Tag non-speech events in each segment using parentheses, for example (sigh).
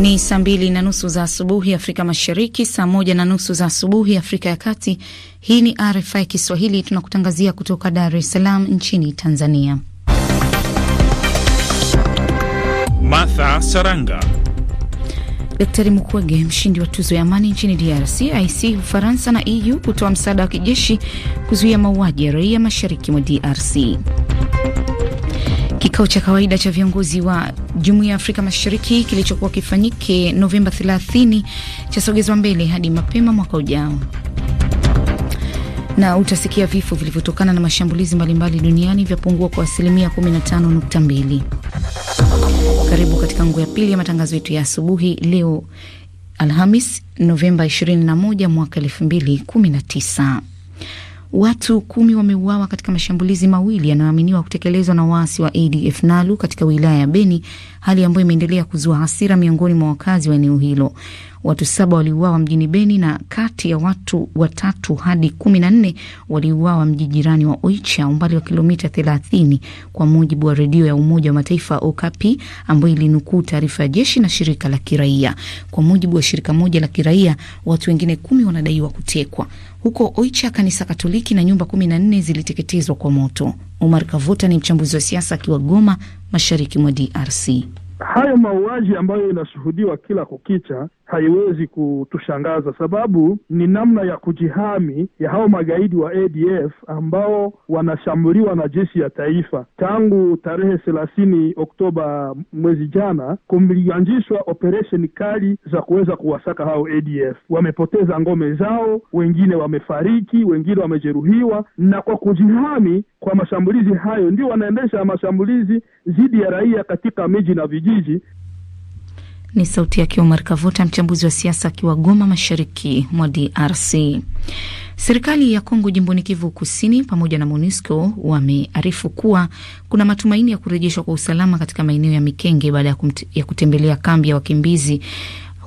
Ni saa mbili na nusu za asubuhi Afrika Mashariki, saa moja na nusu za asubuhi Afrika ya Kati. Hii ni RFI Kiswahili, tunakutangazia kutoka Dar es Salaam nchini Tanzania. Martha Saranga. Daktari Mukwege, mshindi wa tuzo ya amani nchini DRC, IC Ufaransa na EU kutoa msaada wa kijeshi kuzuia mauaji ya raia mashariki mwa DRC. Kikao cha kawaida cha viongozi wa Jumuiya ya Afrika Mashariki kilichokuwa kifanyike Novemba 30 chasogezwa mbele hadi mapema mwaka ujao na utasikia vifo vilivyotokana na mashambulizi mbalimbali duniani vyapungua kwa asilimia 15.2. Karibu katika nguo ya pili ya matangazo yetu ya asubuhi leo Alhamis Novemba 21 mwaka 2019. Watu kumi wameuawa katika mashambulizi mawili yanayoaminiwa kutekelezwa na waasi wa ADF NALU katika wilaya ya Beni, hali ambayo imeendelea kuzua hasira miongoni mwa wakazi wa eneo hilo. Watu saba waliuawa mjini Beni na kati ya watu watatu hadi kumi na nne waliuawa mji jirani wa Oicha, umbali wa kilomita thelathini, kwa mujibu wa redio ya Umoja wa Mataifa Okapi ambayo ilinukuu taarifa ya jeshi na shirika la kiraia. Kwa mujibu wa shirika moja la kiraia, watu wengine kumi wanadaiwa kutekwa huko Oicha. Kanisa Katoliki na nyumba kumi na nne ziliteketezwa kwa moto. Omar Kavuta ni mchambuzi wa siasa akiwa Goma, mashariki mwa DRC hayo mauaji ambayo inashuhudiwa kila kukicha haiwezi kutushangaza, sababu ni namna ya kujihami ya hao magaidi wa ADF ambao wanashambuliwa na jeshi ya taifa tangu tarehe thelathini Oktoba mwezi jana. Kumeanzishwa operesheni kali za kuweza kuwasaka hao ADF. Wamepoteza ngome zao, wengine wamefariki, wengine wamejeruhiwa, na kwa kujihami kwa mashambulizi hayo, ndio wanaendesha mashambulizi dhidi ya raia katika miji na vijiji. Ni sauti yake Omar Kavuta, mchambuzi wa siasa akiwa Goma, mashariki mwa DRC. Serikali ya Kongo jimboni Kivu Kusini pamoja na MONUSCO wamearifu kuwa kuna matumaini ya kurejeshwa kwa usalama katika maeneo ya Mikenge baada ya, ya kutembelea kambi ya wakimbizi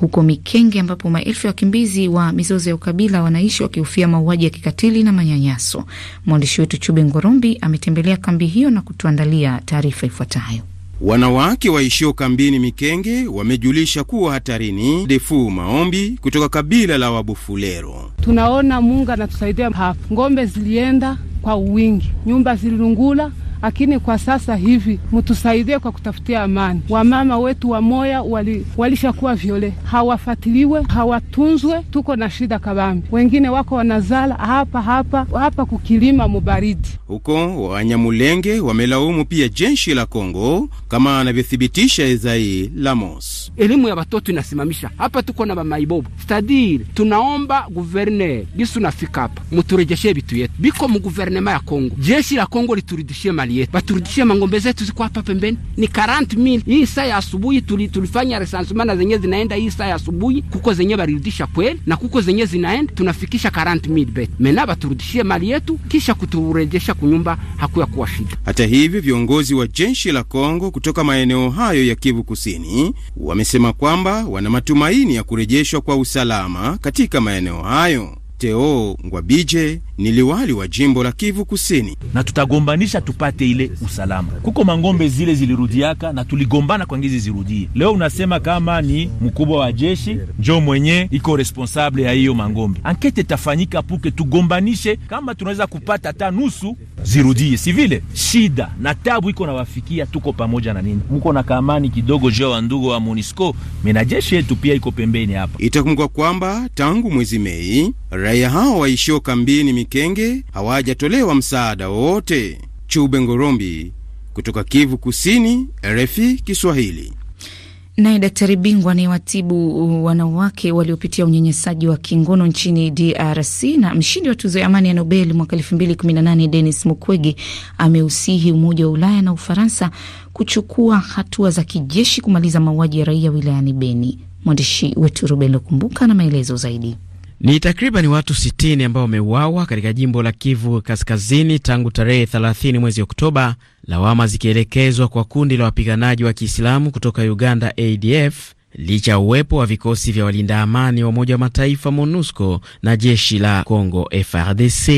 huko Mikenge ambapo maelfu ya wakimbizi wa mizozo ya ukabila wanaishi wakihofia mauaji ya kikatili na manyanyaso. Mwandishi wetu Chube Ngorombi ametembelea kambi hiyo na kutuandalia taarifa ifuatayo. Wanawake waishio kambini Mikenge wamejulisha kuwa hatarini Defu Maombi kutoka kabila la Wabufulero. Tunaona Mungu anatusaidia, hapo ng'ombe zilienda kwa uwingi, nyumba zililungula lakini kwa sasa hivi mtusaidie kwa kutafutia amani. Wamama wetu wa moya wali, walishakuwa vyole, hawafatiliwe hawatunzwe, tuko na shida kabambi. Wengine wako wanazala hapa hapa hapa kukilima mubaridi huko. Wanyamulenge wamelaumu pia jeshi la Kongo kama anavyothibitisha Ezai Lamos. Elimu ya watoto inasimamisha hapa, tuko na bamaibobo stadiri. Tunaomba guverner gisu nafika hapa, muturejeshe vitu yetu biko muguvernema ya Kongo, jeshi la Kongo liturudishie mali serikali yetu baturudishe mangombe zetu, ziko hapa pembeni ni 40000 hii saa ya asubuhi tuli, tulifanya recensement na zenyewe zinaenda hii saa ya asubuhi, kuko zenyewe barudisha kweli na kuko zenyewe zinaenda tunafikisha 40000 bet mena baturudishie mali yetu kisha kuturejesha kunyumba, hakuya kuwa shida. Hata hivyo viongozi wa jeshi la Kongo kutoka maeneo hayo ya Kivu Kusini wamesema kwamba wana matumaini ya kurejeshwa kwa usalama katika maeneo hayo. Teo Ngwabije ni liwali wa jimbo la Kivu Kusini. Na tutagombanisha tupate ile usalama. Kuko mangombe zile zilirudiaka na tuligombana kwa ngizi zirudie. Leo unasema kama ni mkubwa wa jeshi njo mwenye iko responsable ya hiyo mangombe. Ankete tafanyika puke tugombanishe kama tunaweza kupata hata nusu zirudie. Si vile shida na tabu iko na wafikia, tuko pamoja na nini? Mko na kamani kidogo jeo wa ndugu wa Monisco, mimi jeshi yetu pia iko pembeni hapa. Itakumbuka kwamba tangu mwezi Mei Raia hao waishio kambini Mikenge hawajatolewa msaada wowote. Chube Ngorombi kutoka Kivu Kusini, RFI Kiswahili. Naye daktari bingwa ni watibu wanawake waliopitia unyanyasaji wa kingono nchini DRC na mshindi wa tuzo ya amani ya Nobel mwaka 2018 Denis Mukwege ameusihi Umoja wa Ulaya na Ufaransa kuchukua hatua za kijeshi kumaliza mauaji ya raia wilayani Beni. Mwandishi wetu Ruben Lukumbuka na maelezo zaidi. Ni takriban watu 60 ambao wameuawa katika jimbo la Kivu Kaskazini tangu tarehe 30 mwezi Oktoba, lawama zikielekezwa kwa kundi la wapiganaji wa Kiislamu kutoka Uganda, ADF, licha ya uwepo wa vikosi vya walinda amani wa Umoja wa Mataifa, MONUSCO, na jeshi la Congo, frdc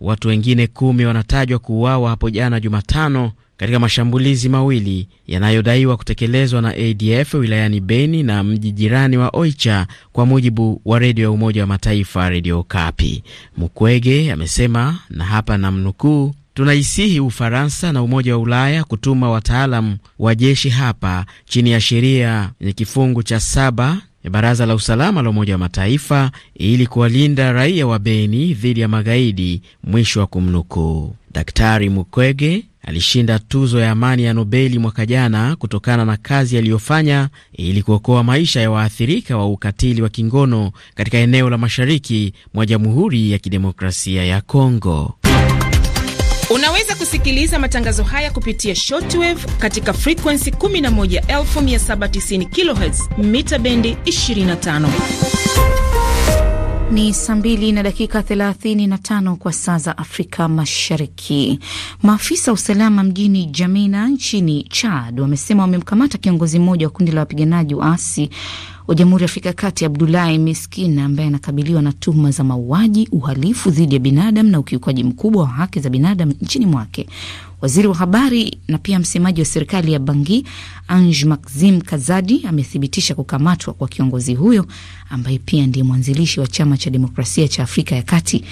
Watu wengine kumi wanatajwa kuuawa hapo jana Jumatano katika mashambulizi mawili yanayodaiwa kutekelezwa na ADF wilayani Beni na mji jirani wa Oicha, kwa mujibu wa redio ya Umoja wa Mataifa Redio Kapi. Mukwege amesema na hapa namnukuu: Tunaisihi Ufaransa na Umoja wa Ulaya kutuma wataalam wa jeshi hapa chini ya sheria yenye kifungu cha saba ya Baraza la Usalama la Umoja wa Mataifa ili kuwalinda raia wa Beni dhidi ya magaidi, mwisho wa kumnukuu. Daktari Mukwege alishinda tuzo ya amani ya Nobeli mwaka jana kutokana na kazi aliyofanya ili kuokoa maisha ya waathirika wa ukatili wa kingono katika eneo la mashariki mwa Jamhuri ya Kidemokrasia ya Kongo. Unaweza kusikiliza matangazo haya kupitia shortwave katika frequency 11790 kHz mita bendi 25. Ni saa mbili na dakika 35 kwa saa za Afrika Mashariki. Maafisa wa usalama mjini Jamina nchini Chad wamesema wamemkamata kiongozi mmoja wa kundi la wapiganaji waasi wa Jamhuri ya Afrika ya Kati Abdulahi miskin ambaye anakabiliwa na tuhuma za mauaji, uhalifu dhidi ya binadamu na ukiukaji mkubwa wa haki za binadamu nchini mwake. Waziri wa habari na pia msemaji wa serikali ya Bangi Ange Maxim Kazadi amethibitisha kukamatwa kwa kiongozi huyo ambaye pia ndiye mwanzilishi wa chama cha demokrasia cha Afrika ya Kati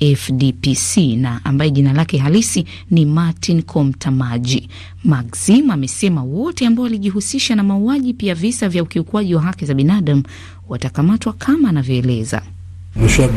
FDPC na ambaye jina lake halisi ni Martin Komtamaji. Maxim amesema wote ambao walijihusisha na mauaji pia visa vya ukiukwaji wa haki za binadamu watakamatwa kama anavyoeleza. Euh,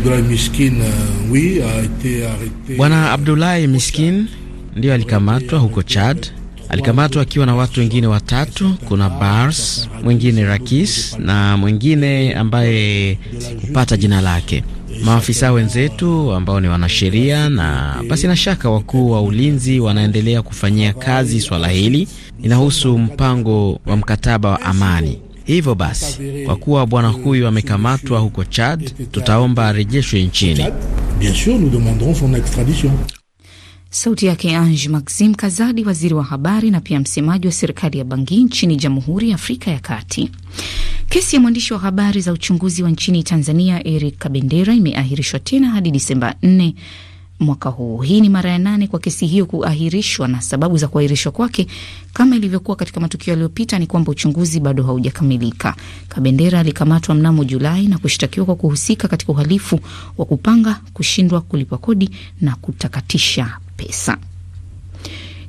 Bwana Abdulahi Miskin ndiyo alikamatwa huko Chad. Alikamatwa akiwa na watu wengine watatu. Kuna Bars, mwingine Rakis na mwingine ambaye kupata jina lake maafisa wenzetu ambao ni wanasheria na basi na shaka wakuu wa ulinzi wanaendelea kufanyia kazi swala hili. Inahusu mpango wa mkataba wa amani. Hivyo basi, kwa kuwa bwana huyu amekamatwa huko Chad, tutaomba arejeshwe nchini. Sauti yake Ange Maxim Kazadi, waziri wa habari na pia msemaji wa serikali ya Bangui nchini Jamhuri ya Afrika ya Kati. Kesi ya mwandishi wa habari za uchunguzi wa nchini Tanzania Eric Kabendera imeahirishwa tena hadi Disemba 4 mwaka huu. Hii ni mara ya nane kwa kesi hiyo kuahirishwa, na sababu za kuahirishwa kwake, kama ilivyokuwa katika matukio yaliyopita, ni kwamba uchunguzi bado haujakamilika. Kabendera alikamatwa mnamo Julai na kushtakiwa kwa kuhusika katika uhalifu wa kupanga kushindwa kulipa kodi na kutakatisha pesa.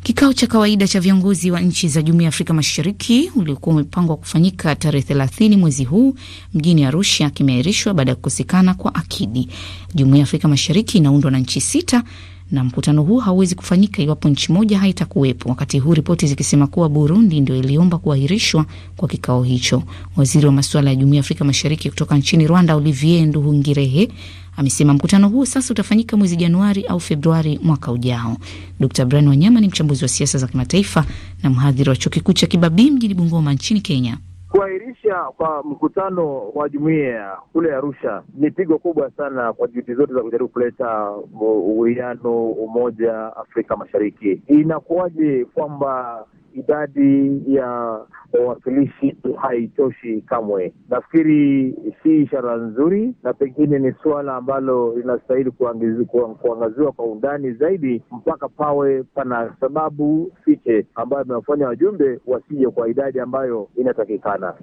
Kikao cha kawaida cha viongozi wa nchi za Jumuiya ya Afrika Mashariki uliokuwa umepangwa kufanyika tarehe 30 mwezi huu mjini Arusha kimeahirishwa baada ya kukosekana kwa akidi. Jumuiya ya Afrika Mashariki inaundwa na nchi sita na mkutano huu hauwezi kufanyika iwapo nchi moja haitakuwepo, wakati huu ripoti zikisema kuwa Burundi ndio iliomba kuahirishwa kwa kikao hicho. Waziri wa masuala ya Jumuiya ya Afrika Mashariki kutoka nchini Rwanda, Olivier Nduhungirehe amesema mkutano huo sasa utafanyika mwezi Januari au Februari mwaka ujao. d Brian Wanyama ni mchambuzi wa siasa za kimataifa na mhadhiri wa chuo kikuu cha Kibabii mjini Bungoma nchini Kenya. Kuahirisha kwa mkutano wa jumuiya kule Arusha ni pigo kubwa sana kwa juhudi zote za kujaribu kuleta uwiano, umoja Afrika Mashariki. Inakuwaje kwamba idadi ya wawakilishi haitoshi kamwe. Nafikiri si ishara nzuri, na pengine ni suala ambalo linastahili kuangaziwa kwa undani zaidi, mpaka pawe pana sababu fiche ambayo amewafanya wajumbe wasije kwa idadi ambayo inatakikana.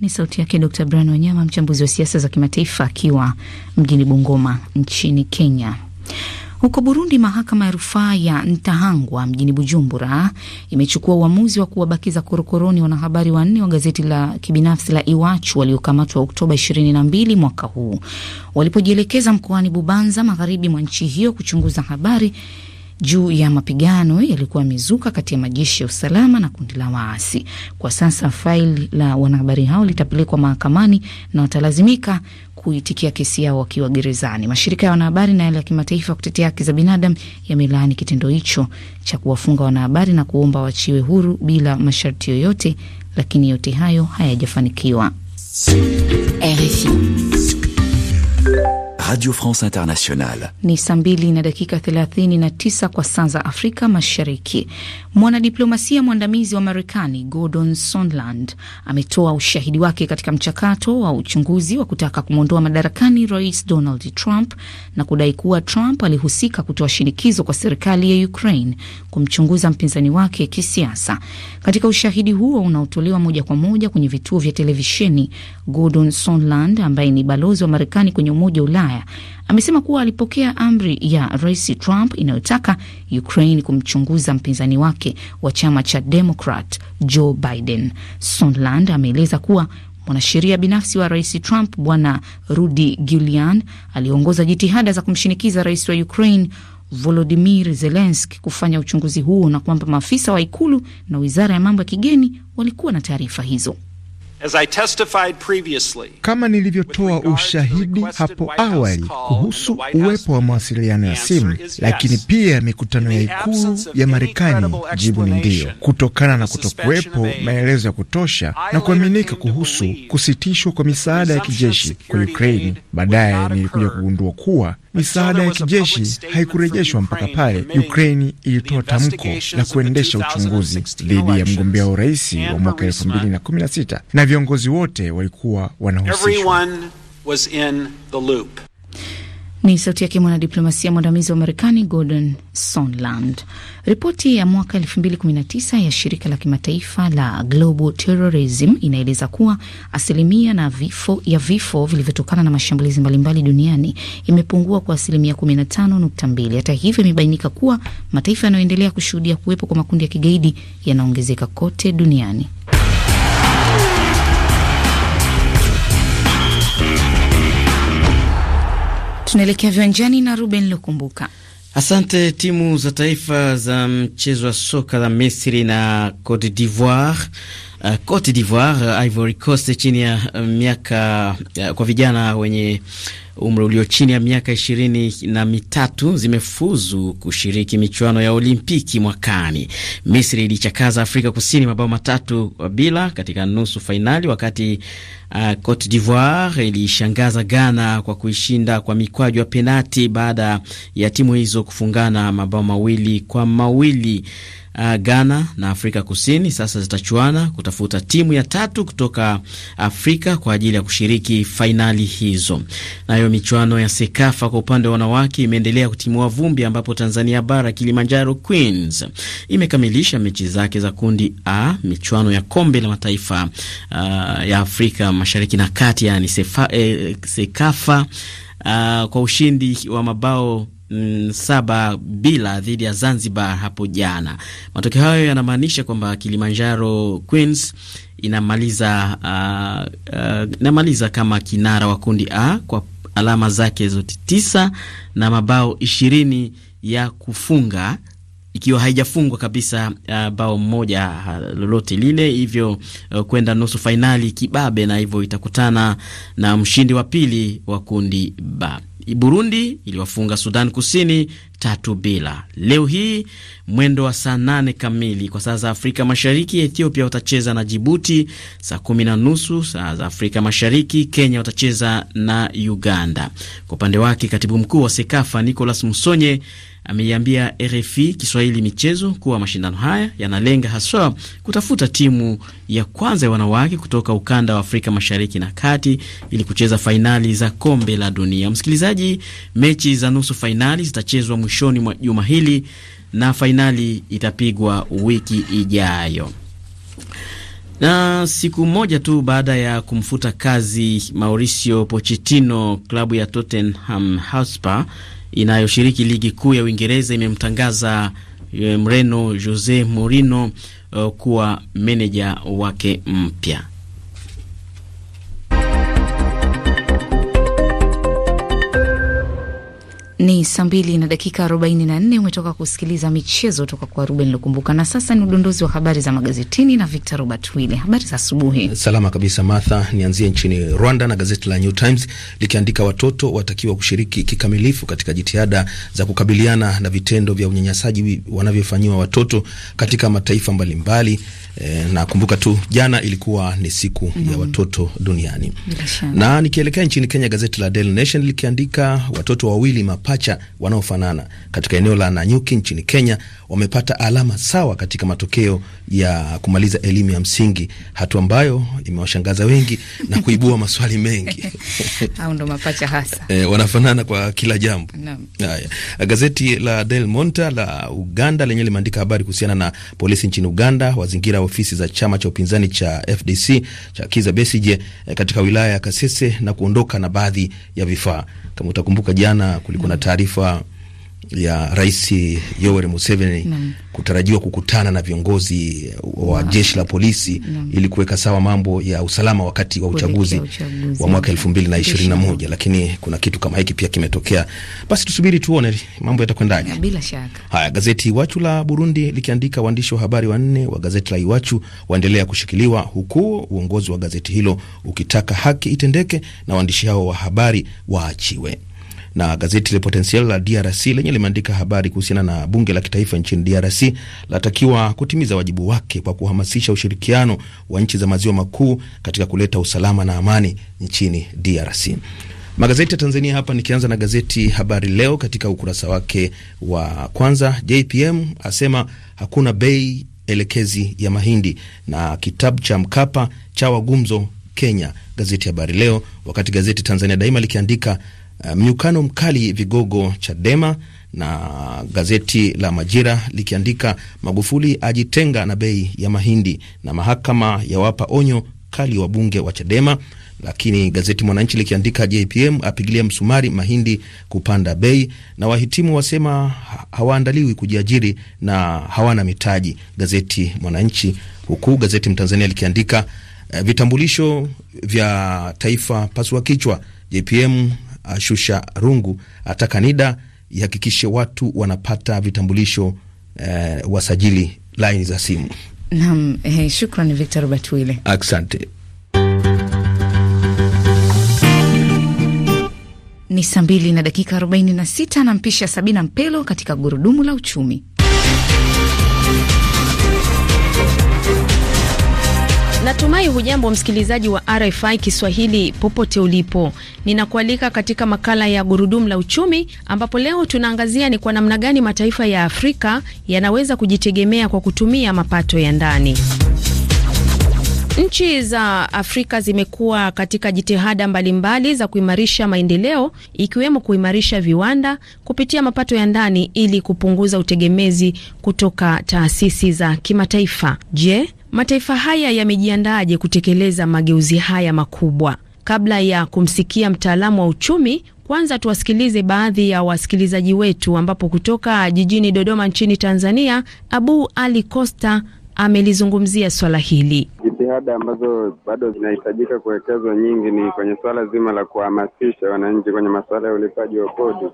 Ni sauti yake Dr Brian Wanyama, mchambuzi wa siasa za kimataifa akiwa mjini Bungoma nchini Kenya. Huko Burundi, mahakama ya rufaa ya Ntahangwa mjini Bujumbura imechukua uamuzi wa kuwabakiza korokoroni wanahabari wanne wa gazeti la kibinafsi la Iwachu waliokamatwa Oktoba 22 mwaka huu walipojielekeza mkoani Bubanza, magharibi mwa nchi hiyo, kuchunguza habari juu ya mapigano yalikuwa yamezuka kati ya majeshi ya usalama na kundi la waasi. Kwa sasa faili la wanahabari hao litapelekwa mahakamani na watalazimika kuitikia kesi yao wakiwa gerezani. Mashirika ya wanahabari na yale ya kimataifa kutetea haki za binadamu yamelaani kitendo hicho cha kuwafunga wanahabari na kuomba wachiwe huru bila masharti yoyote, lakini yote hayo hayajafanikiwa. RFI Radio France Internationale. Ni saa mbili na dakika 39 kwa saa za Afrika Mashariki. Mwanadiplomasia mwandamizi wa Marekani Gordon Sondland ametoa ushahidi wake katika mchakato wa uchunguzi wa kutaka kumwondoa madarakani Rais Donald Trump na kudai kuwa Trump alihusika kutoa shinikizo kwa serikali ya Ukraine kumchunguza mpinzani wake kisiasa. Katika ushahidi huo unaotolewa moja kwa moja kwenye vituo vya televisheni, Gordon Sondland ambaye ni balozi wa Marekani kwenye Umoja wa Ulaya Ulaya amesema kuwa alipokea amri ya Rais Trump inayotaka Ukraine kumchunguza mpinzani wake wa chama cha Demokrat Joe Biden. Sondland ameeleza kuwa mwanasheria binafsi wa Rais Trump Bwana Rudy Giuliani aliongoza jitihada za kumshinikiza rais wa Ukraine Volodimir Zelenski kufanya uchunguzi huo na kwamba maafisa wa ikulu na wizara ya mambo ya kigeni walikuwa na taarifa hizo. Kama nilivyotoa ushahidi hapo awali kuhusu uwepo wa mawasiliano ya simu, lakini pia mikutano ya ikulu ya Marekani, jibu ni ndiyo, kutokana na kutokuwepo maelezo ya kutosha na kuaminika kuhusu kusitishwa kwa misaada ya kijeshi kwa Ukraini. Baadaye nilikuja kugundua kuwa Misaada ya kijeshi haikurejeshwa mpaka pale Ukraini ilitoa tamko la kuendesha uchunguzi dhidi ya mgombea wa urais wa mwaka elfu mbili na kumi na sita na viongozi wote walikuwa wanahusishwa. Ni sauti yake mwanadiplomasia mwandamizi wa Marekani, Gordon Sondland. Ripoti ya mwaka 2019 ya shirika la kimataifa la Global Terrorism inaeleza kuwa asilimia na vifo ya vifo vilivyotokana na mashambulizi mbalimbali duniani imepungua kwa asilimia 15.2. Hata hivyo, imebainika kuwa mataifa yanayoendelea kushuhudia kuwepo kwa makundi ya kigaidi yanaongezeka kote duniani. Tunaelekea viwanjani na Ruben Lukumbuka. Asante. Timu za taifa za mchezo wa soka za Misri na Cote d'Ivoire uh, Cote d'Ivoire, Ivory Coast chini ya uh, miaka uh, kwa vijana wenye umri ulio chini ya miaka ishirini na mitatu zimefuzu kushiriki michuano ya Olimpiki mwakani. Misri ilichakaza Afrika Kusini mabao matatu bila katika nusu fainali, wakati uh, Cote d'Ivoire ilishangaza Ghana kwa kuishinda kwa mikwaju ya penati baada ya timu hizo kufungana mabao mawili kwa mawili. Uh, Ghana na Afrika Kusini sasa zitachuana kutafuta timu ya tatu kutoka Afrika kwa ajili ya kushiriki fainali hizo nayo Nayo michuano ya Sekafa kwa upande wa wanawake imeendelea kutimua vumbi, ambapo Tanzania Bara Kilimanjaro Queens imekamilisha mechi zake za kundi A michuano ya kombe la mataifa uh, ya Afrika Mashariki na Kati, yani sefa, eh, Sekafa uh, kwa ushindi wa mabao mm, saba bila dhidi ya Zanzibar hapo jana. Matokeo hayo yanamaanisha kwamba Kilimanjaro Queens inamaliza uh, uh, inamaliza kama kinara wa kundi A kwa alama zake zote tisa na mabao ishirini ya kufunga ikiwa haijafungwa kabisa uh, bao mmoja uh, lolote lile, hivyo uh, kwenda nusu fainali kibabe, na hivyo itakutana na mshindi wa pili wa kundi ba. Burundi iliwafunga Sudan Kusini tatu bila. Leo hii mwendo wa saa nane kamili kwa saa za Afrika Mashariki, Ethiopia watacheza na Jibuti, saa kumi na nusu saa za Afrika Mashariki, Kenya watacheza na Uganda. Kwa upande wake, katibu mkuu wa SEKAFA Nicolas Musonye ameiambia RFI Kiswahili michezo kuwa mashindano haya yanalenga haswa kutafuta timu ya kwanza ya wanawake kutoka ukanda wa Afrika Mashariki na Kati ili kucheza fainali za kombe la dunia. Msikilizaji, mechi za nusu fainali zitachezwa mwishoni mwa juma hili na fainali itapigwa wiki ijayo. Na siku moja tu baada ya kumfuta kazi Mauricio Pochettino klabu ya Tottenham Hotspur inayoshiriki ligi kuu ya Uingereza imemtangaza eh, Mreno Jose Mourinho uh, kuwa meneja wake mpya. Ni saa mbili na dakika arobaini na nne. Umetoka kusikiliza michezo toka kwa Ruben Lukumbuka, na sasa ni udondozi wa habari za magazetini na Victor Robert Wile. Habari za asubuhi. Salama kabisa Martha, nianzie nchini Rwanda na gazeti la New Times likiandika watoto watakiwa kushiriki kikamilifu katika jitihada za kukabiliana na vitendo vya unyanyasaji wanavyofanyiwa watoto katika mataifa mbalimbali. mbali. E, eh, na kumbuka tu jana ilikuwa ni siku mm, -hmm. ya mm-hmm. watoto duniani. Na nikielekea nchini Kenya, gazeti la Daily Nation likiandika watoto wawili mapa mapacha wanaofanana katika eneo la Nanyuki nchini Kenya wamepata alama sawa katika matokeo ya kumaliza elimu ya msingi, hatua ambayo imewashangaza wengi na kuibua (laughs) maswali mengi. (laughs) Hao ndo mapacha hasa. E, wanafanana kwa kila jambo. Haya, gazeti la Del Monta la Uganda lenyewe limeandika habari kuhusiana na polisi nchini Uganda wazingira ofisi za chama cha upinzani cha FDC cha Kiza Besije eh, katika wilaya ya Kasese na kuondoka na baadhi ya vifaa. Kama utakumbuka, jana kulikuwa na taarifa ya Rais Yoweri Museveni mm. kutarajiwa kukutana na viongozi wa jeshi la polisi ili kuweka sawa mambo ya usalama wakati wa uchaguzi, uchaguzi wa mwaka elfu mbili na ishirini na moja, lakini kuna kitu kama hiki pia kimetokea. Basi tusubiri tuone mambo yatakwendaje. Bila shaka haya, gazeti Iwachu la Burundi likiandika waandishi wa habari wanne wa gazeti la Iwachu waendelea kushikiliwa, huku uongozi wa gazeti hilo ukitaka haki itendeke na waandishi hao wa habari waachiwe. Na gazeti Le Potentiel la DRC lenye limeandika habari kuhusiana na bunge la kitaifa nchini DRC latakiwa kutimiza wajibu wake kwa kuhamasisha ushirikiano wa nchi za maziwa makuu katika kuleta usalama na amani nchini DRC. Magazeti ya Tanzania hapa, nikianza na gazeti Habari Leo. Katika ukurasa wake wa kwanza, JPM asema hakuna bei elekezi ya mahindi na kitabu cha Mkapa cha wagumzo Kenya, gazeti Habari Leo, wakati gazeti Tanzania Daima likiandika Uh, mnyukano mkali vigogo Chadema na gazeti la Majira likiandika Magufuli ajitenga na bei ya mahindi na mahakama yawapa onyo kali wabunge wa Chadema. Lakini gazeti Mwananchi likiandika JPM apigilia msumari mahindi kupanda bei, na wahitimu wasema hawaandaliwi kujiajiri na hawana mitaji, gazeti Mwananchi, huku gazeti Mtanzania likiandika eh, vitambulisho vya taifa pasua kichwa JPM Shusha Rungu ataka NIDA ihakikishe watu wanapata vitambulisho eh, wasajili laini za simu. Naam, eh, shukrani Victor Robert Wile. Asante. Ni saa mbili na dakika 46 na mpisha Sabina Mpelo katika gurudumu la uchumi. Natumai hujambo msikilizaji wa RFI Kiswahili popote ulipo. Ninakualika katika makala ya gurudumu la uchumi ambapo leo tunaangazia ni kwa namna gani mataifa ya Afrika yanaweza kujitegemea kwa kutumia mapato ya ndani. Nchi za Afrika zimekuwa katika jitihada mbalimbali za kuimarisha maendeleo ikiwemo kuimarisha viwanda kupitia mapato ya ndani ili kupunguza utegemezi kutoka taasisi za kimataifa. Je, Mataifa haya yamejiandaaje kutekeleza mageuzi haya makubwa? Kabla ya kumsikia mtaalamu wa uchumi, kwanza tuwasikilize baadhi ya wasikilizaji wetu, ambapo kutoka jijini Dodoma nchini Tanzania, Abu Ali Costa amelizungumzia swala hili. Jitihada ambazo bado zinahitajika kuwekezwa nyingi ni kwenye suala zima la kuhamasisha wananchi kwenye masuala ya ulipaji wa kodi.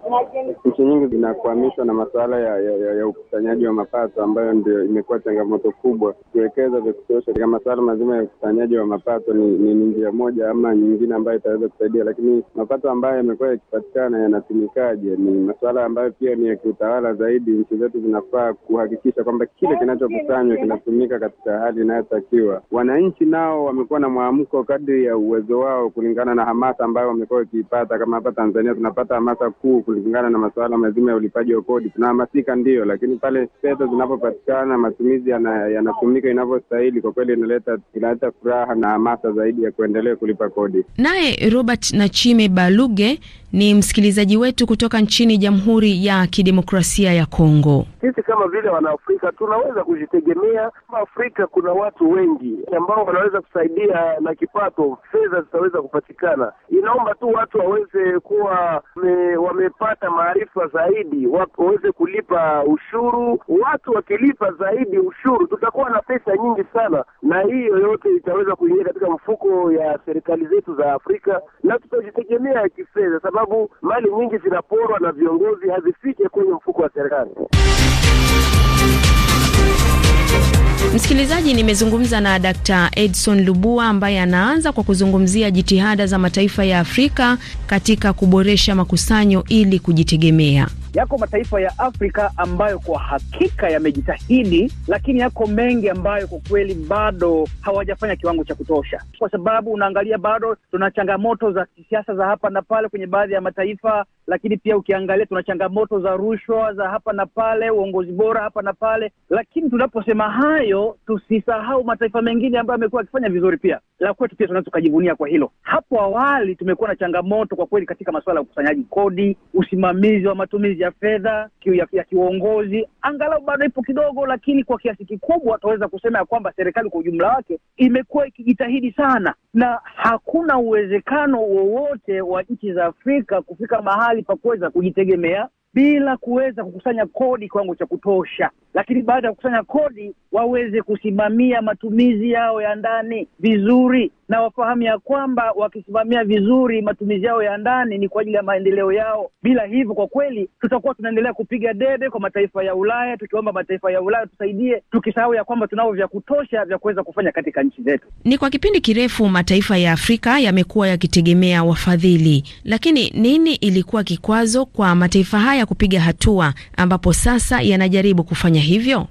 Nchi nyingi zinakwamishwa na masuala ya, ya, ya, ya ukusanyaji wa mapato ambayo ndio imekuwa changamoto kubwa. Kuwekeza vya kutosha katika masuala mazima ya ukusanyaji wa mapato ni, ni, ni njia moja ama nyingine ambayo itaweza kusaidia, lakini mapato ambayo yamekuwa yakipatikana yanatumikaje? Ni masuala ambayo pia ni ya kiutawala zaidi. Nchi zetu zinafaa kuhakikisha kwamba kile kinachokusanywa kinatumika katika hali inayotakiwa. Wana wananchi nao wamekuwa na mwamko kadri ya uwezo wao, kulingana na hamasa ambayo wamekuwa wakiipata. Kama hapa Tanzania tunapata hamasa kuu kulingana na masuala mazima ya ulipaji wa kodi, tunahamasika ndio, lakini pale pesa zinapopatikana, matumizi yanatumika ya inavyostahili, kwa kweli inaleta inaleta furaha na hamasa zaidi ya kuendelea kulipa kodi. Naye Robert Nachime Baluge ni msikilizaji wetu kutoka nchini Jamhuri ya Kidemokrasia ya Kongo. Sisi kama vile Wanaafrika tunaweza kujitegemea. Afrika kuna watu wengi ambao wanaweza kusaidia na kipato, fedha zitaweza kupatikana. Inaomba tu watu waweze kuwa me, wamepata maarifa zaidi, waweze kulipa ushuru. Watu wakilipa zaidi ushuru, tutakuwa na pesa nyingi sana, na hiyo yote itaweza kuingia katika mfuko ya serikali zetu za Afrika, na tutajitegemea kifedha, sababu mali nyingi zinaporwa na viongozi, hazifike kwenye mfuko wa serikali. Msikilizaji, nimezungumza na Dr. Edson Lubua ambaye anaanza kwa kuzungumzia jitihada za mataifa ya Afrika katika kuboresha makusanyo ili kujitegemea. Yako mataifa ya Afrika ambayo kwa hakika yamejitahidi, lakini yako mengi ambayo kwa kweli bado hawajafanya kiwango cha kutosha, kwa sababu unaangalia bado tuna changamoto za kisiasa za hapa na pale kwenye baadhi ya mataifa, lakini pia ukiangalia tuna changamoto za rushwa za hapa na pale, uongozi bora hapa na pale. Lakini tunaposema hayo, tusisahau mataifa mengine ambayo yamekuwa yakifanya vizuri pia, la kwetu pia tunaweza tukajivunia kwa hilo. Hapo awali tumekuwa na changamoto kwa kweli katika masuala ya ukusanyaji kodi, usimamizi wa matumizi ya fedha, kiu ya, ya kiuongozi angalau bado ipo kidogo, lakini kwa kiasi kikubwa tunaweza kusema ya kwamba serikali kwa ujumla wake imekuwa ikijitahidi sana, na hakuna uwezekano wowote wa nchi za Afrika kufika mahali pa kuweza kujitegemea bila kuweza kukusanya kodi kiwango cha kutosha, lakini baada ya kukusanya kodi waweze kusimamia matumizi yao ya ndani vizuri na wafahamu ya kwamba wakisimamia vizuri matumizi yao ya ndani ni kwa ajili ya maendeleo yao. Bila hivyo, kwa kweli tutakuwa tunaendelea kupiga debe kwa mataifa ya Ulaya, tukiomba mataifa ya Ulaya tusaidie, tukisahau ya kwamba tunavyo vya kutosha vya kuweza kufanya katika nchi zetu. Ni kwa kipindi kirefu mataifa ya Afrika yamekuwa yakitegemea wafadhili, lakini nini ilikuwa kikwazo kwa mataifa haya kupiga hatua ambapo sasa yanajaribu kufanya hivyo?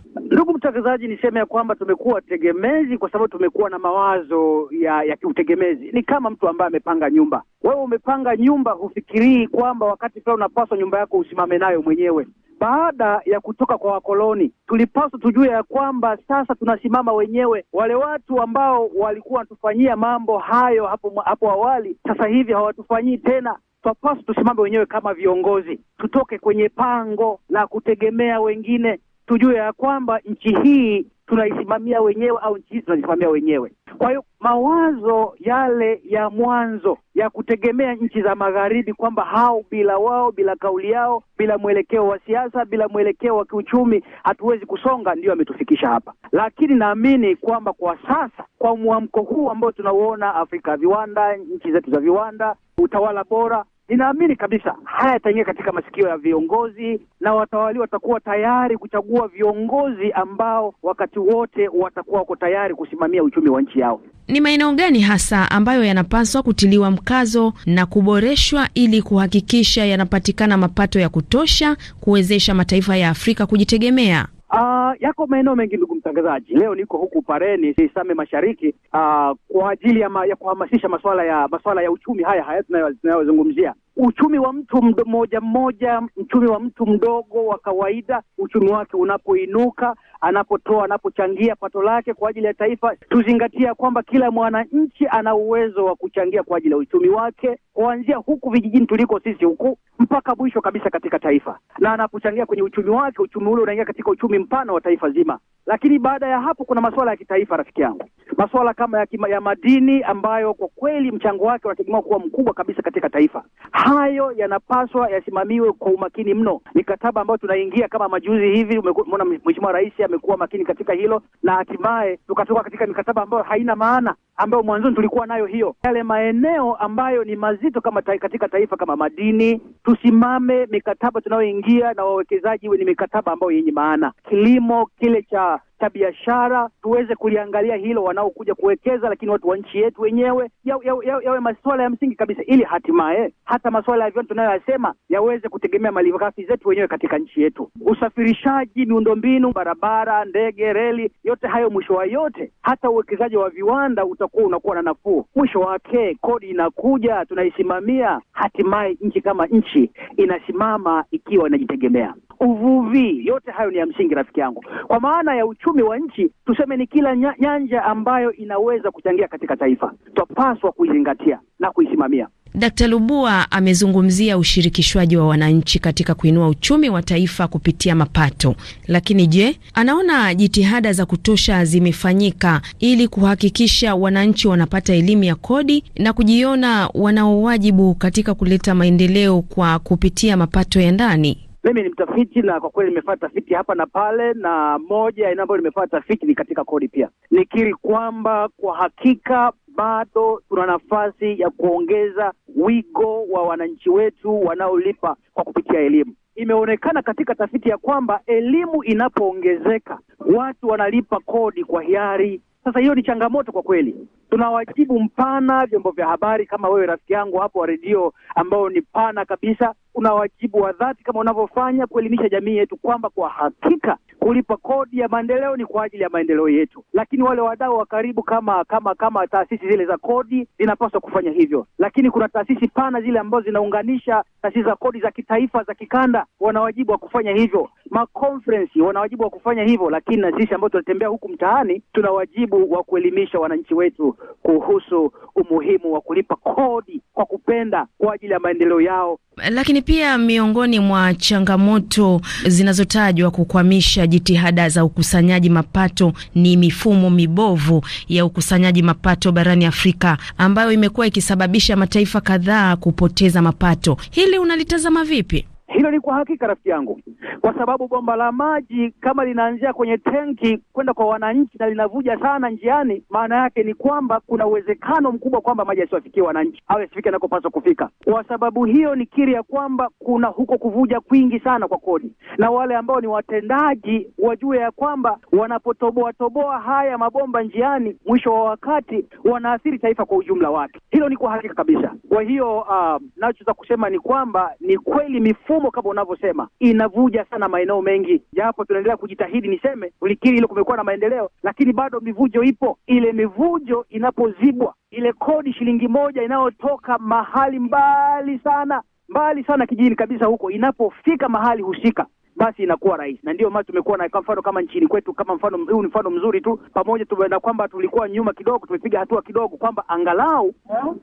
utangazaji, niseme ya kwamba tumekuwa tegemezi kwa sababu tumekuwa na mawazo ya ya kiutegemezi. Ni kama mtu ambaye amepanga nyumba. Wewe umepanga nyumba, hufikirii kwamba wakati pia unapaswa nyumba yako usimame nayo mwenyewe. Baada ya kutoka kwa wakoloni, tulipaswa tujue ya kwamba sasa tunasimama wenyewe. Wale watu ambao walikuwa wanatufanyia mambo hayo hapo hapo awali, sasa hivi hawatufanyii tena. Twapaswa tusimame wenyewe kama viongozi, tutoke kwenye pango la kutegemea wengine tujue ya kwamba nchi hii tunaisimamia wenyewe au nchi hii tunaisimamia wenyewe. Kwa hiyo mawazo yale ya mwanzo ya kutegemea nchi za magharibi kwamba hao bila wao, bila kauli yao, bila mwelekeo wa siasa, bila mwelekeo wa kiuchumi hatuwezi kusonga, ndiyo ametufikisha hapa. Lakini naamini kwamba kwa sasa, kwa mwamko huu ambao tunauona Afrika ya viwanda, nchi zetu za viwanda, utawala bora ninaamini kabisa haya yataingia katika masikio ya viongozi na watawali watakuwa tayari kuchagua viongozi ambao wakati wote watakuwa wako tayari kusimamia uchumi wa nchi yao. Ni maeneo gani hasa ambayo yanapaswa kutiliwa mkazo na kuboreshwa ili kuhakikisha yanapatikana mapato ya kutosha kuwezesha mataifa ya Afrika kujitegemea? Uh, yako maeneo mengi ndugu mtangazaji, leo niko huku Pareni Same Mashariki uh, kwa ajili ya, ma, ya kuhamasisha masuala ya masuala ya uchumi haya haya tunayozungumzia uchumi wa mtu mmoja mmoja, uchumi wa mtu mdogo wa kawaida, uchumi wake unapoinuka, anapotoa, anapochangia pato lake kwa ajili ya taifa, tuzingatia kwamba kila mwananchi ana uwezo wa kuchangia kwa ajili ya uchumi wake, kuanzia huku vijijini tuliko sisi huku mpaka mwisho kabisa katika taifa, na anapochangia kwenye uchumi wake, uchumi ule unaingia katika uchumi mpana wa taifa zima. Lakini baada ya hapo, kuna masuala ya kitaifa, rafiki yangu masuala kama ya, kima, ya madini ambayo kwa kweli mchango wake unategemewa kuwa mkubwa kabisa katika taifa. Hayo yanapaswa yasimamiwe kwa umakini mno. Mikataba ambayo tunaingia kama majuzi hivi, umeona Mheshimiwa Rais amekuwa makini katika hilo, na hatimaye tukatoka katika mikataba ambayo haina maana ambayo mwanzoni tulikuwa nayo hiyo. Yale maeneo ambayo ni mazito kama ta, katika taifa kama madini, tusimame mikataba tunayoingia na wawekezaji iwe ni mikataba ambayo yenye maana. Kilimo kile cha cha biashara tuweze kuliangalia hilo, wanaokuja kuwekeza, lakini watu wa nchi yetu wenyewe yawe ya, ya, ya masuala ya msingi kabisa, ili hatimaye hata masuala ya viwanda tunayoyasema yaweze kutegemea malighafi zetu wenyewe katika nchi yetu. Usafirishaji, miundombinu, barabara, ndege, reli, yote hayo, mwisho wa yote hata uwekezaji wa viwanda uta unakuwa unakuwa na nafuu. Mwisho wake kodi inakuja, tunaisimamia, hatimaye nchi kama nchi inasimama ikiwa inajitegemea uvuvi, yote hayo ni ya msingi rafiki yangu. Kwa maana ya uchumi wa nchi, tuseme ni kila nyanja ambayo inaweza kuchangia katika taifa, twapaswa kuizingatia na kuisimamia. Dkt. Lubua amezungumzia ushirikishwaji wa wananchi katika kuinua uchumi wa taifa kupitia mapato. Lakini je, anaona jitihada za kutosha zimefanyika ili kuhakikisha wananchi wanapata elimu ya kodi na kujiona wanaowajibu katika kuleta maendeleo kwa kupitia mapato ya ndani? Mimi ni mtafiti na kwa kweli nimefanya tafiti hapa na pale, na moja eneo ambayo nimefanya tafiti ni katika kodi. Pia nikiri kwamba kwa hakika bado tuna nafasi ya kuongeza wigo wa wananchi wetu wanaolipa kwa kupitia elimu. Imeonekana katika tafiti ya kwamba elimu inapoongezeka watu wanalipa kodi kwa hiari. Sasa hiyo ni changamoto kwa kweli tuna wajibu mpana. Vyombo vya habari kama wewe rafiki yangu hapo wa redio, ambao ni pana kabisa, una wajibu wa dhati kama unavyofanya kuelimisha jamii yetu kwamba kwa hakika kulipa kodi ya maendeleo ni kwa ajili ya maendeleo yetu, lakini wale wadau wa karibu kama kama kama taasisi zile za kodi zinapaswa kufanya hivyo, lakini kuna taasisi pana zile ambazo zinaunganisha taasisi za kodi za kitaifa, za kikanda, wana wajibu wa kufanya hivyo. Makonferensi wana wajibu wa kufanya hivyo, lakini na sisi ambao tunatembea huku mtaani tuna wajibu wa kuelimisha wananchi wetu kuhusu umuhimu wa kulipa kodi kwa kupenda kwa ajili ya maendeleo yao. Lakini pia miongoni mwa changamoto zinazotajwa kukwamisha jitihada za ukusanyaji mapato ni mifumo mibovu ya ukusanyaji mapato barani Afrika ambayo imekuwa ikisababisha mataifa kadhaa kupoteza mapato. Hili unalitazama vipi? Hilo ni kwa hakika rafiki yangu, kwa sababu bomba la maji kama linaanzia kwenye tenki kwenda kwa wananchi na linavuja sana njiani, maana yake ni kwamba kuna uwezekano mkubwa kwamba maji yasiwafikie wananchi au yasifike anakopaswa kufika. Kwa sababu hiyo, ni kiri ya kwamba kuna huko kuvuja kwingi sana kwa kodi, na wale ambao ni watendaji wajue ya kwamba wanapotoboa toboa haya mabomba njiani, mwisho wa wakati wanaathiri taifa kwa ujumla wake. Hilo ni kwa hakika kabisa. Kwa hiyo uh, ah, nachoweza kusema ni kwamba ni kweli mifu mifumo kama unavyosema inavuja sana maeneo mengi, japo tunaendelea kujitahidi. Niseme ulikiri hilo, kumekuwa na maendeleo, lakini bado mivujo ipo. Ile mivujo inapozibwa, ile kodi shilingi moja inayotoka mahali mbali sana mbali sana kijijini kabisa, huko inapofika mahali husika basi inakuwa rahisi, na ndio maana tumekuwa na kwa mfano kama nchini kwetu, kama mfano huu ni mfano mzuri tu, pamoja tumeenda kwamba tulikuwa nyuma kidogo, tumepiga hatua kidogo, kwamba angalau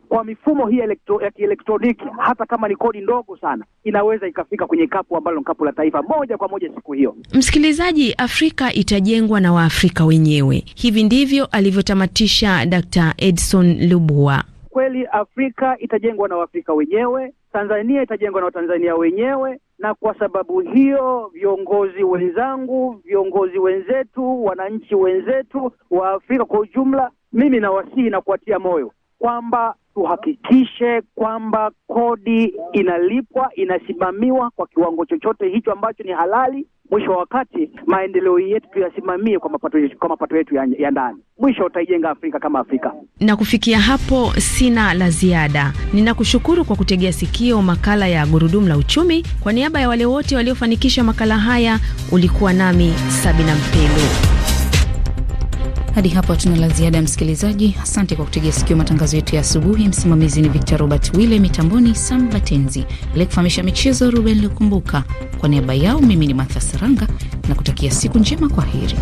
kwa mifumo hii elektro, ya kielektroniki hata kama ni kodi ndogo sana inaweza ikafika kwenye kapu ambalo kapu la taifa moja kwa moja siku hiyo. Msikilizaji, Afrika itajengwa na Waafrika wenyewe. Hivi ndivyo alivyotamatisha Dr. Edson Lubwa. Kweli Afrika itajengwa na Waafrika wenyewe Tanzania itajengwa na Watanzania wenyewe, na kwa sababu hiyo viongozi wenzangu, viongozi wenzetu, wananchi wenzetu wa Afrika kwa ujumla, mimi nawasihi na kuwatia moyo kwamba tuhakikishe kwamba kodi inalipwa, inasimamiwa kwa kiwango chochote hicho ambacho ni halali. Mwisho wa wakati, maendeleo yetu tuyasimamie kwa mapato yetu, kwa mapato yetu ya, ya ndani. Mwisho utaijenga Afrika kama Afrika. Na kufikia hapo, sina la ziada. Ninakushukuru kwa kutegea sikio makala ya Gurudumu la Uchumi. Kwa niaba ya wale wote waliofanikisha makala haya, ulikuwa nami Sabina Mpelo. Hadi hapo tuna la ziada, ya msikilizaji. Asante kwa kutegea sikio matangazo yetu ya asubuhi. Msimamizi ni Victor Robert Wille, mitamboni Sam Batenzi, aliyekufahamisha michezo Ruben Lukumbuka. Kwa niaba yao, mimi ni Martha Saranga na kutakia siku njema. Kwa heri.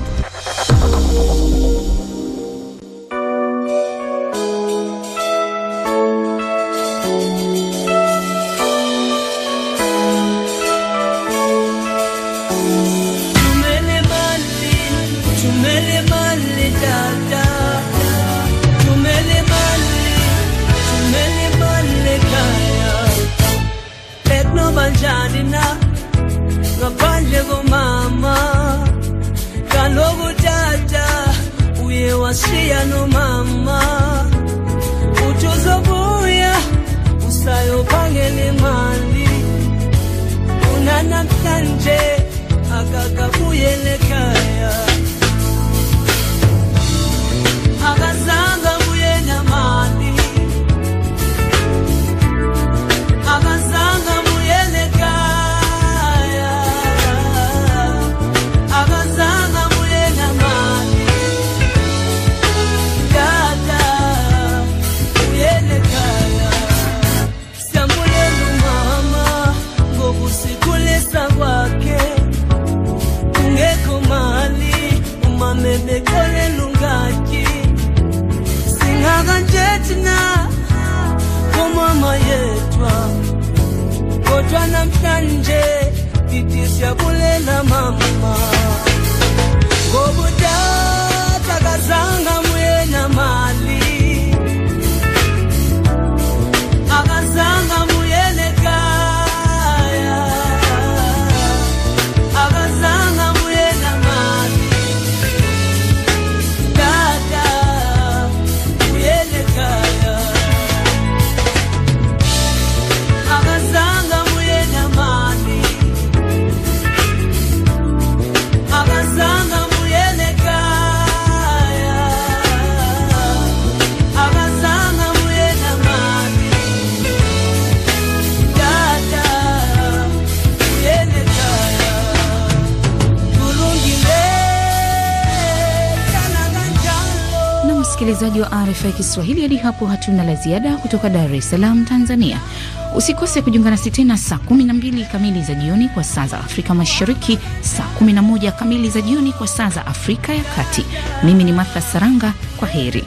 msikilizaji wa RFI Kiswahili. Hadi hapo hatuna la ziada kutoka Dar es Salaam, Tanzania. Usikose kujiunga nasi tena saa 12 kamili za jioni kwa saa za Afrika Mashariki, saa 11 kamili za jioni kwa saa za Afrika ya Kati. Mimi ni Martha Saranga, kwa heri.